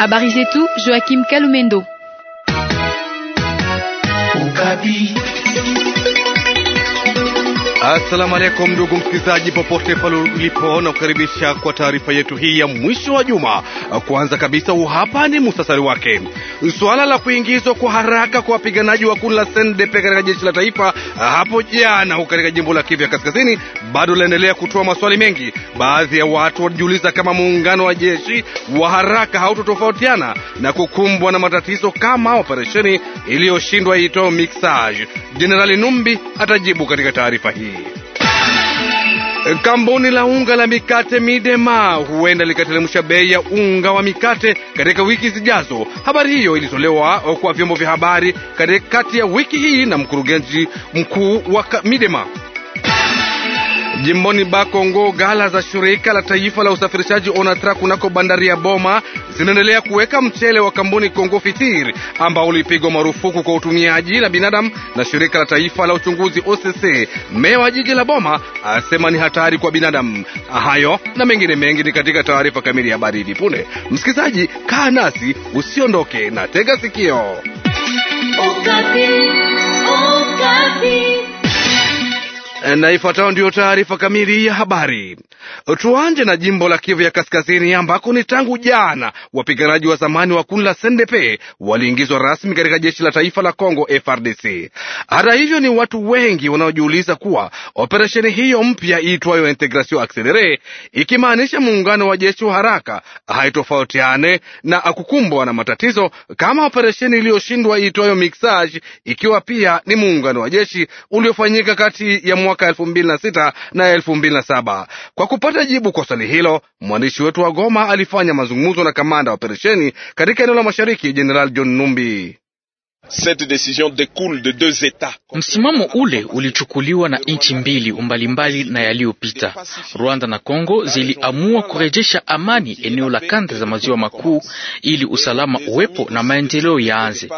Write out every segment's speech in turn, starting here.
Habari zetu Joachim Kalumendo. Okapi. Assalamu alaikum ndugu msikilizaji, popote pale ulipo, na kukaribisha kwa taarifa yetu hii ya mwisho wa juma. Kwanza kabisa, hapa ni musasari wake. Suala la kuingizwa kwa haraka kwa wapiganaji wa kundi la SNDP katika jeshi la taifa hapo jana huko katika jimbo la Kivu ya Kaskazini bado linaendelea kutoa maswali mengi. Baadhi ya watu wanajiuliza kama muungano wa jeshi wa haraka hautotofautiana na kukumbwa na matatizo kama operesheni iliyoshindwa iitwayo Mixage. Jenerali Numbi atajibu katika taarifa hii. Kampuni la unga la mikate Midema huenda likateremsha bei ya unga wa mikate katika wiki zijazo. Habari hiyo ilitolewa kwa vyombo vya habari kati ya wiki hii na mkurugenzi mkuu wa Midema. Jimboni Bakongo, gala za shirika la taifa la usafirishaji Onatra kunako bandari ya Boma zinaendelea kuweka mchele wa kampuni Kongo Fitir ambao ulipigwa marufuku kwa utumiaji na binadamu na shirika la taifa la uchunguzi OCC. Meya wa jiji la Boma asema ni hatari kwa binadamu. Hayo na mengine mengi ni katika taarifa kamili ya habari hivi punde. Msikilizaji, kaa nasi, usiondoke na tega sikio. Eh, na ifuatayo ndiyo taarifa kamili ya habari. Tuanje na jimbo la Kivu ya Kaskazini ambako ni tangu jana wapiganaji wa zamani wa kundi la sndp waliingizwa rasmi katika jeshi la taifa la congo FRDC. Hata hivyo, ni watu wengi wanaojiuliza kuwa operesheni hiyo mpya iitwayo Integration Accelere, ikimaanisha muungano wa jeshi wa haraka, haitofautiane na akukumbwa na matatizo kama operesheni iliyoshindwa iitwayo Mixage, ikiwa pia ni muungano wa jeshi uliofanyika kati ya mwaka elfu mbili na sita na elfu mbili na saba. Kwa kupata jibu kwa swali hilo, mwandishi wetu wa Goma alifanya mazungumzo na kamanda wa operesheni katika eneo la mashariki Jeneral John Numbi. Msimamo ule ulichukuliwa na nchi mbili mbalimbali na yaliyopita. Rwanda na Kongo ziliamua kurejesha amani eneo la kanda za maziwa makuu ili usalama uwepo na maendeleo yaanze.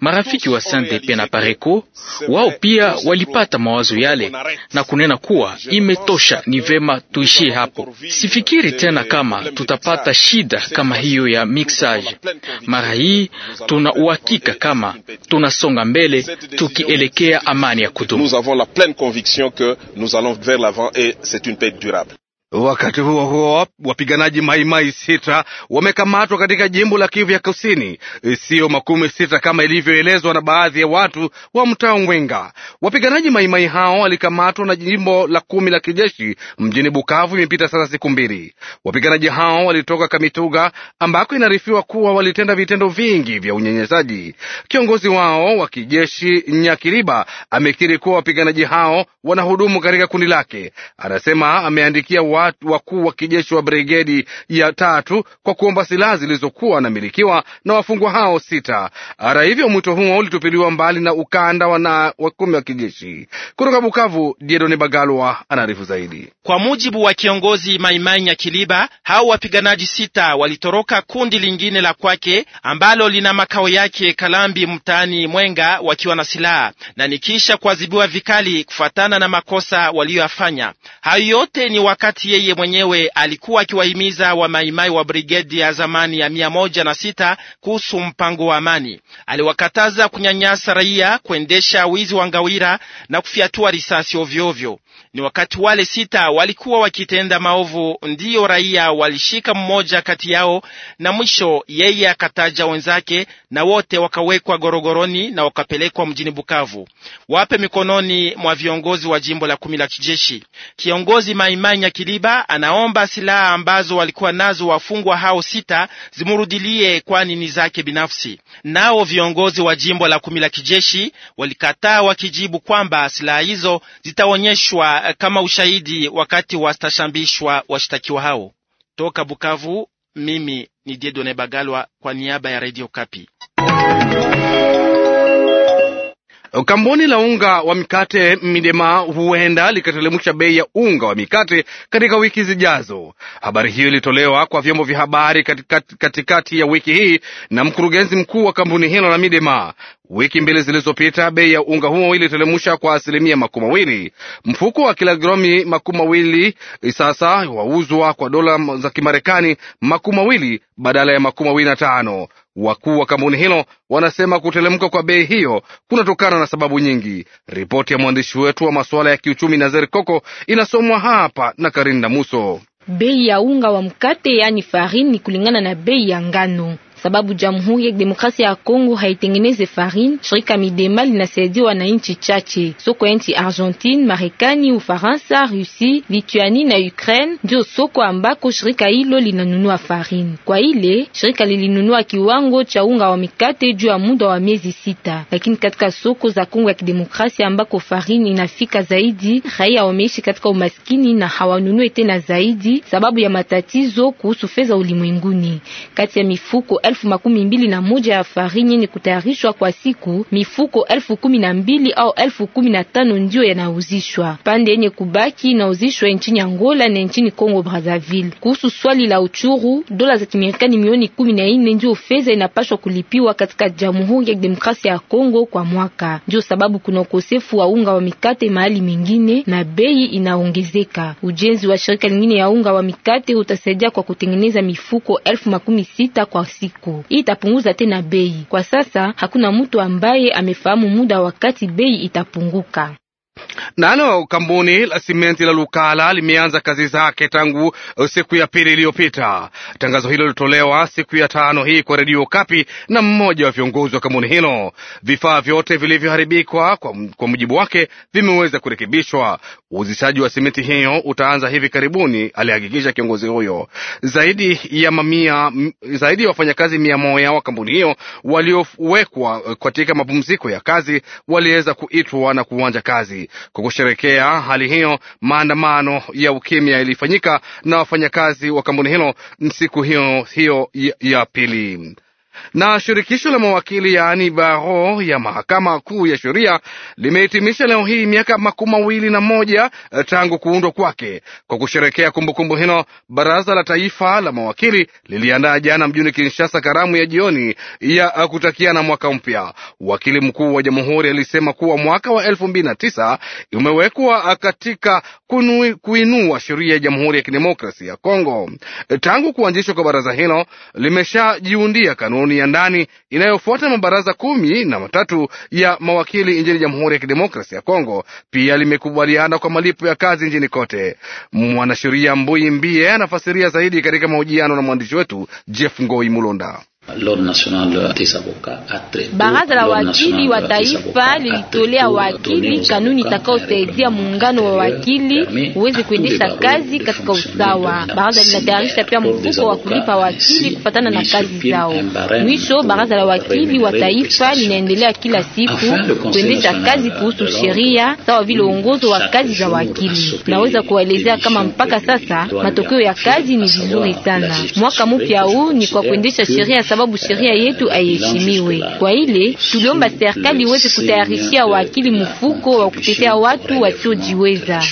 Marafiki wa SNDP na Pareco wao pia walipata mawazo yale na kunena kuwa imetosha, ni vema tuishie hapo. Sifikiri tena kama tutapata shida kama hiyo ya mixage. Mara hii tuna uhakika kama tunasonga mbele tukielekea amani ya kudumu. Wakati huo huo, wapiganaji maimai sita wamekamatwa katika jimbo la Kivu ya Kusini, e, sio makumi sita kama ilivyoelezwa na baadhi ya watu wa mtaa Mwenga. Wapiganaji maimai hao walikamatwa na jimbo la kumi la kijeshi mjini Bukavu, imepita sasa siku mbili. Wapiganaji hao walitoka Kamituga ambako inaarifiwa kuwa walitenda vitendo vingi vya unyenyesaji. Kiongozi wao wa kijeshi Nyakiriba amekiri kuwa wapiganaji hao wanahudumu katika kundi lake. Anasema ameandikia wa wakuu wa kijeshi wa brigedi ya tatu kwa kuomba silaha zilizokuwa wanamilikiwa na wafungwa hao sita. Hata hivyo, mwito huo ulitupiliwa mbali na ukanda wana wakumi wa kijeshi kutoka Bukavu. Diedoni Bagalwa anaarifu zaidi. Kwa mujibu wa kiongozi Maimai Nyakiliba, hao wapiganaji sita walitoroka kundi lingine la kwake ambalo lina makao yake Kalambi mtaani Mwenga wakiwa na silaha na nikisha kuadhibiwa vikali kufuatana na makosa waliyoyafanya. Hayo yote ni wakati wakati yeye mwenyewe alikuwa akiwahimiza wamaimai wa brigedi ya zamani ya mia moja na sita kuhusu mpango wa amani. Aliwakataza kunyanyasa raia, kuendesha wizi wa ngawira na kufyatua risasi ovyoovyo. Ni wakati wale sita walikuwa wakitenda maovu, ndiyo raia walishika mmoja kati yao, na mwisho yeye akataja wenzake, na wote wakawekwa gorogoroni na wakapelekwa mjini Bukavu, wape mikononi mwa viongozi wa jimbo la kumi la kijeshi. Kiongozi Maimai Nyakiliba anaomba silaha ambazo walikuwa nazo wafungwa hao sita zimurudilie, kwani ni zake binafsi. Nao viongozi wa jimbo la kumi la kijeshi walikataa wakijibu kwamba silaha hizo zitaonyeshwa kama ushahidi wakati wastashambishwa washtakiwa hao. Toka Bukavu, mimi ni Diedone Bagalwa kwa niaba ya Radio Kapi. Kampuni la unga wa mikate Midema huenda likatelemusha bei ya unga wa mikate katika wiki zijazo. Habari hiyo ilitolewa kwa vyombo vya habari katikati, ya wiki hii na mkurugenzi mkuu wa kampuni hilo la Midema. Wiki mbili zilizopita bei ya unga huo ilitelemusha kwa asilimia makumi mawili. Mfuko wa kilogramu makumi mawili eh, sasa wauzwa kwa dola za Kimarekani makumi mawili badala ya makumi mawili na tano. Wakuu wa kampuni hilo wanasema kutelemka kwa bei hiyo kunatokana na sababu nyingi. Ripoti ya mwandishi wetu wa masuala ya kiuchumi Nazer Koko inasomwa hapa na Karinda Muso. Bei ya unga wa mkate yaani farini kulingana na bei ya ngano sababu Jamhuri ya Demokrasia ya Kongo haitengeneze farine Shirika Midema linasaidia wananchi chache, soko ya nchi Argentine, Marekani, Ufaransa, Rusi, Lituani na Ukraine ndio soko ambako shirika hilo linanunua farine Kwa ile shirika lilinunua kiwango cha unga wa mikate juu ya muda wa miezi sita, lakini katika soko za Kongo ya Kidemokrasia ambako farine inafika zaidi, raia wameishi katika umaskini na hawanunui tena zaidi sababu ya matatizo kuhusu fedha ulimwenguni kati ya mifuko elfu elfu makumi mbili na moja ya farini yenye kutayarishwa kwa siku, mifuko elfu kumi na mbili au elfu kumi na tano ndiyo yanauzishwa. Pande yenye kubaki inauzishwa nchini Angola na nchini Kongo Brazzaville. Kuhusu swali la uchuru, dola za Kimarekani milioni kumi na nne ndio fedha inapaswa kulipiwa katika Jamhuri ya Demokrasia ya Kongo kwa mwaka. Ndio sababu kuna ukosefu wa unga wa mikate mahali mengine na bei inaongezeka. Ujenzi wa shirika lingine ya unga wa mikate utasaidia kwa kutengeneza mifuko elfu makumi sita kwa siku siku. Hii itapunguza tena bei. Kwa sasa hakuna mtu ambaye amefahamu muda wakati bei itapunguka. Nalo kampuni la simenti la Lukala limeanza kazi zake tangu uh, siku ya pili iliyopita. Tangazo hilo lilitolewa siku ya tano hii kwa redio Kapi na mmoja wa viongozi wa kampuni hilo. Vifaa vyote vilivyoharibikwa kwa, kwa mujibu wake vimeweza kurekebishwa. Uuzishaji wa simenti hiyo utaanza hivi karibuni, alihakikisha kiongozi huyo. Zaidi ya mamia, zaidi ya wafanyakazi mia moja wa kampuni hiyo waliowekwa uh, katika mapumziko ya kazi waliweza kuitwa na kuanza kazi. Kwa kusherekea hali hiyo, maandamano ya ukimya ilifanyika na wafanyakazi wa kampuni hilo siku hiyo hiyo ya pili. Na shirikisho la mawakili yaani baro ya mahakama kuu ya sheria limehitimisha leo hii miaka makumi mawili na moja eh, tangu kuundwa kwake. Kwa kusherekea kumbukumbu hilo, baraza la taifa la mawakili liliandaa jana mjini Kinshasa karamu ya jioni ya kutakiana mwaka mpya. Wakili mkuu wa jamhuri alisema kuwa mwaka wa elfu mbili na tisa umewekwa katika kunui, kuinua sheria ya Jamhuri ya Kidemokrasia ya Kongo. Tangu kuanzishwa kwa baraza hilo limeshajiundia kanuni kanuni ya ndani inayofuata mabaraza kumi na matatu ya mawakili nchini Jamhuri ya Kidemokrasia ya Kongo pia limekubaliana kwa malipo ya kazi nchini kote. Mwanasheria Mbui Mbie anafasiria zaidi katika mahojiano na mwandishi wetu Jeff Ngoi Mulonda. Baraza la wakili wa taifa lilitolea wakili kanuni itakayosaidia muungano wa wakili uweze kuendesha kazi katika usawa. Baraza linatayarisha pia mfuko wa kulipa wakili kufatana na kazi zao. Mwisho, baraza la wakili wa taifa linaendelea kila siku kuendesha kazi kuhusu sheria sawa vile uongozo wa kazi za wakili. Naweza kuwaelezea kama mpaka sasa matokeo ya kazi ni vizuri sana. Mwaka mpya huu ni kwa kuendesha sheria sababu sheria yetu aiheshimiwe. Kwa ile tuliomba serikali iweze kutayarishia wakili mfuko wa kutetea watu wasiojiweza.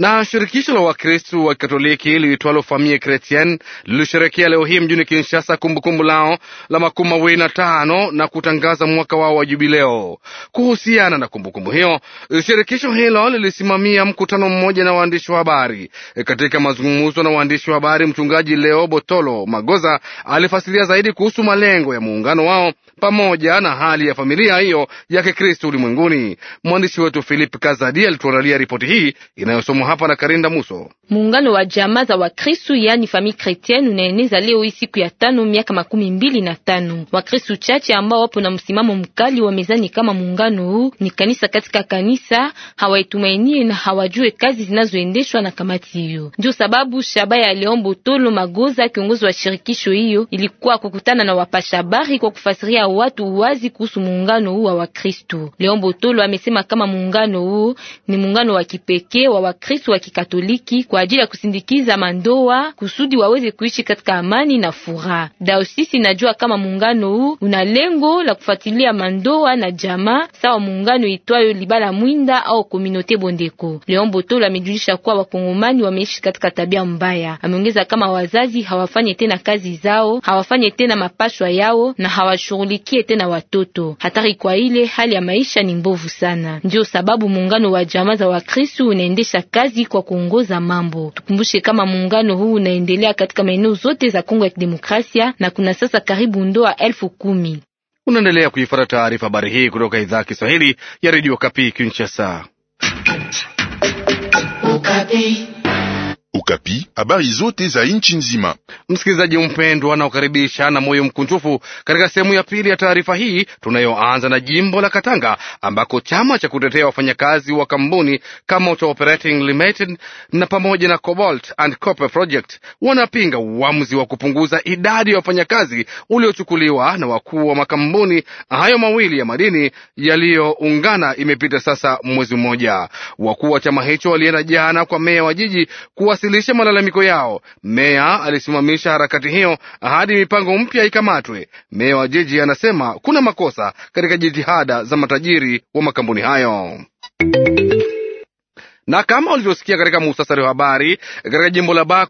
Na shirikisho la Wakristu wa Katoliki liitwalo Famille Chretien lilisherekea leo hii mjini Kinshasa kumbukumbu lao la makumi mawili na tano na kutangaza mwaka wao wa jubileo. Kuhusiana na kumbukumbu hiyo, shirikisho hilo lilisimamia mkutano mmoja na waandishi wa habari. Katika mazungumzo na waandishi wa habari, mchungaji Leo Botolo Magoza alifasilia zaidi kuhusu malengo ya muungano wao pamoja na hali ya familia hiyo ya Kikristu ulimwenguni. Mwandishi wetu Philip Kazadi alituandalia ripoti hii inayosomwa hapa na Karinda Muso. Muungano wa jamaa za Wakristu yani Famille Chrétienne unaeneza leo hii siku ya tano miaka makumi mbili na tano Wakristu chache ambao wapo na msimamo mkali wamezani kama muungano huu ni kanisa katika kanisa, hawaitumainie na hawajue kazi zinazoendeshwa na kamati hiyo. Ndio sababu Shabaya aliomba Tolo Magoza, kiongozi wa shirikisho hiyo, ilikuwa kukutana na wapasha habari kwa kufasiria watu uwazi kuhusu muungano huu wa Wakristu. Leombo Tolo amesema kama muungano huu ni muungano wa kipekee wa Wakristu Yesu wa Kikatoliki kwa ajili ya kusindikiza mandoa kusudi waweze kuishi katika amani na furaha. Daosisi najua kama muungano huu una lengo la kufuatilia mandoa na jamaa sawa muungano itwayo Libala Mwinda au Kominote Bondeko. Leon Botolo amejulisha kuwa wakongomani wameishi katika tabia mbaya. Ameongeza kama wazazi hawafanye tena kazi zao, hawafanye tena mapashwa yao na hawashughulikie tena watoto. Hatari kwa ile hali ya maisha ni mbovu sana. Ndio sababu muungano wa jamaa za Wakristo unaendesha kazi kazi kwa kuongoza mambo. Tukumbushe kama muungano huu unaendelea katika maeneo zote za Kongo ya Kidemokrasia na kuna sasa karibu ndoa elfu kumi. Unaendelea kuifuata taarifa habari hii kutoka idhaa ya Kiswahili ya redio Kapi Kinshasa. Okapi, habari zote za nchi nzima. Msikilizaji mpendwa, ukaribisha na moyo mkunjufu katika sehemu ya pili ya taarifa hii tunayoanza na jimbo la Katanga ambako chama cha kutetea wafanyakazi wa kampuni kama Operating Limited na pamoja na Cobalt and Copper Project wanapinga uamuzi wa kupunguza idadi ya wafanyakazi uliochukuliwa na wakuu wa makampuni hayo mawili ya madini yaliyoungana. Imepita sasa mwezi mmoja, wakuu wa chama hicho walienda jana kwa meya wa jiji kuwasili wasilishe malalamiko yao. Meya alisimamisha harakati hiyo hadi mipango mpya ikamatwe. Meya wa jiji anasema kuna makosa katika jitihada za matajiri wa makampuni hayo na kama ulivyosikia katika muhtasari wa habari, katika jimbo la Ba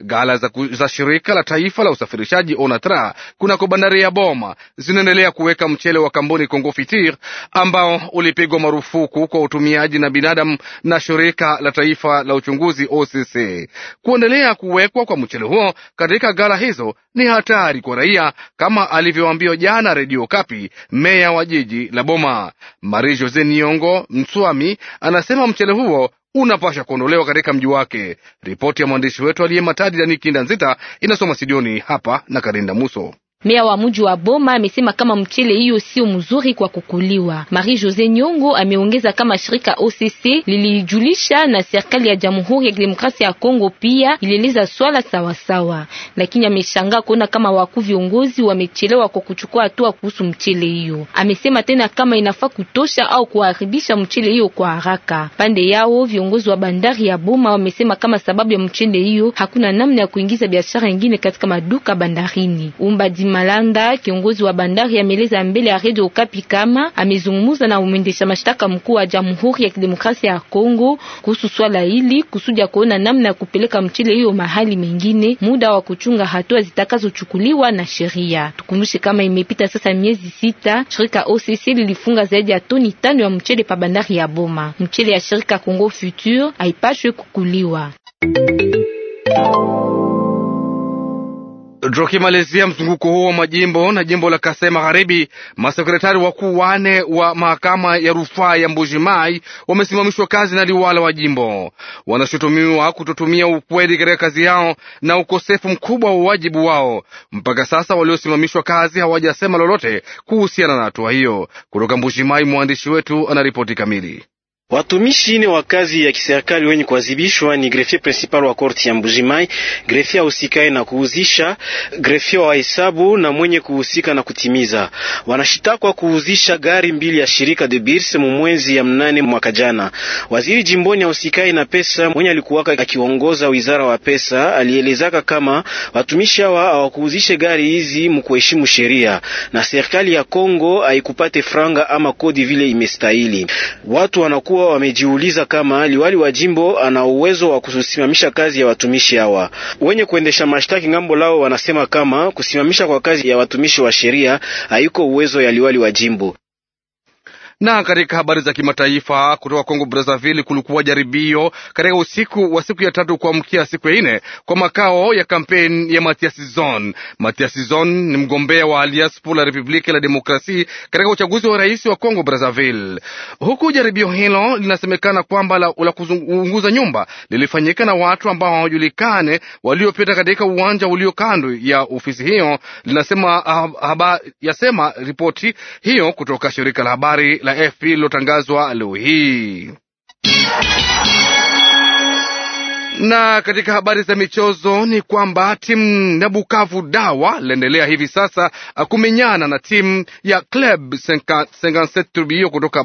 gala za, ku, za shirika la taifa la usafirishaji ONATRA kunako bandari ya Boma zinaendelea kuweka mchele wa kampuni Congo Fitir ambao ulipigwa marufuku kwa utumiaji na binadamu na shirika la taifa la uchunguzi OCC. Kuendelea kuwekwa kwa mchele huo katika gala hizo ni hatari kwa raia, kama alivyoambiwa jana Redio Kapi meya wa jiji la Boma Marie Jose Niongo Mswami anasema mchele huo huo unapasha kuondolewa katika mji wake. Ripoti ya mwandishi wetu aliye Matadi, Dani Kinda Nzita, inasoma Sidioni hapa na Karinda Muso. Meya wa mji wa Boma amesema kama mchele hiyo sio mzuri kwa kukuliwa. Marie Jose Nyongo ameongeza kama shirika OCC lilijulisha na serikali ya Jamhuri ya Kidemokrasia ya Kongo pia ilieleza swala sawa sawa, lakini ameshangaa kuona kama wakuu viongozi wamechelewa kwa kuchukua hatua kuhusu mchele hiyo. Amesema tena kama inafaa kutosha au kuharibisha mchele hiyo kwa haraka. Pande yao viongozi wa bandari ya Boma wamesema kama sababu ya mchele hiyo hakuna namna ya kuingiza biashara nyingine katika maduka bandarini. Umba Malanda, kiongozi wa bandari, ameeleza mbele ya Radio Okapi kama amezungumza na mwendesha mashtaka mkuu wa Jamhuri ya Kidemokrasia ya Kongo kuhusu swala hili kusudia kuona namna ya kupeleka mchele hiyo mahali mengine, muda wa kuchunga hatua zitakazochukuliwa na sheria. Tukumbushe kama imepita sasa miezi sita shirika OCC lilifunga zaidi ya toni tano ya mchele pa bandari ya Boma. Mchele ya shirika Congo Futur haipashwe kukuliwa. Tukimalizia mzunguko huo wa majimbo na jimbo la Kasai Magharibi, masekretari wakuu wane wa mahakama ya rufaa ya Mbujimai wamesimamishwa kazi na liwala wa jimbo. Wanashutumiwa kutotumia ukweli katika kazi yao na ukosefu mkubwa wa uwajibu wao. Mpaka sasa waliosimamishwa kazi hawajasema lolote kuhusiana na hatua hiyo. Kutoka Mbujimai, mwandishi wetu anaripoti kamili. Watumishi ine wa kazi ya kiserikali wenye kuadhibishwa ni grefie principal wa korti ya Mbujimai, grefia usikae na kuuzisha, grefia wa hesabu na mwenye kuhusika na kutimiza. Wanashitakwa kuuzisha gari mbili ya shirika De Beers mu mwezi ya mnane mwaka jana. Waziri jimboni ya usikae na pesa mwenye alikuwaka akiongoza wizara wa pesa alielezaka kama watumishi hawa hawakuuzishe gari hizi mkuheshimu sheria na serikali ya Kongo haikupate franga ama kodi vile imestahili. Watu wanakuwa walikuwa wamejiuliza kama liwali wa jimbo ana uwezo wa kusimamisha kazi ya watumishi hawa. Wenye kuendesha mashtaki ngambo lao wanasema kama kusimamisha kwa kazi ya watumishi wa sheria haiko uwezo ya liwali wa jimbo. Na katika habari za kimataifa kutoka Kongo Brazzaville, kulikuwa jaribio katika usiku wa siku ya tatu kuamkia siku ya nne kwa makao ya kampeni ya Mathias Zon. Mathias Zon ni mgombea wa Alias pour la République la Démocratie katika uchaguzi wa rais wa Kongo Brazzaville, huku jaribio hilo linasemekana kwamba la, la kuzunguza nyumba lilifanyika na watu ambao hawajulikane waliopita katika uwanja ulio kando ya ofisi hiyo, linasema haba, yasema ripoti hiyo kutoka shirika la habari la AFP lililotangazwa leo hii. Na katika habari za michezo ni kwamba timu ya Bukavu Dawa laendelea hivi sasa uh, kumenyana na timu ya Club 57 Turbio kutoka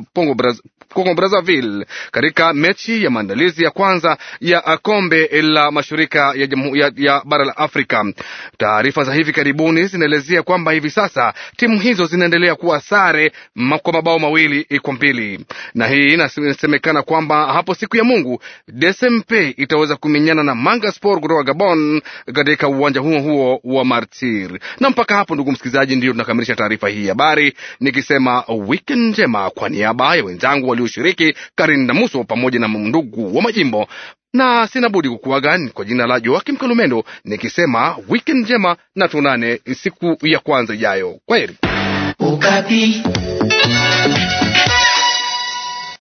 Kongo Brazzaville katika mechi ya maandalizi ya kwanza ya uh, kombe la mashirika ya, ya, ya bara la Afrika. Taarifa za hivi karibuni zinaelezea kwamba hivi sasa timu hizo zinaendelea kuwa sare kwa mabao mawili kwa mbili, na hii inasemekana kwamba hapo siku ya Mungu Desempe itaweza kumenyana na Manga Sport kutoka Gabon katika uwanja huo huo wa Martir. Na mpaka hapo, ndugu msikilizaji, ndio tunakamilisha taarifa hii habari, nikisema weekend njema kwa niaba ya wenzangu walioshiriki, Karin na Muso pamoja na ndugu wa majimbo, na sina budi kukuaga kwa jina la Joakim Kalumendo nikisema weekend njema na tuonane siku ya kwanza ijayo. kwa Kwaheri.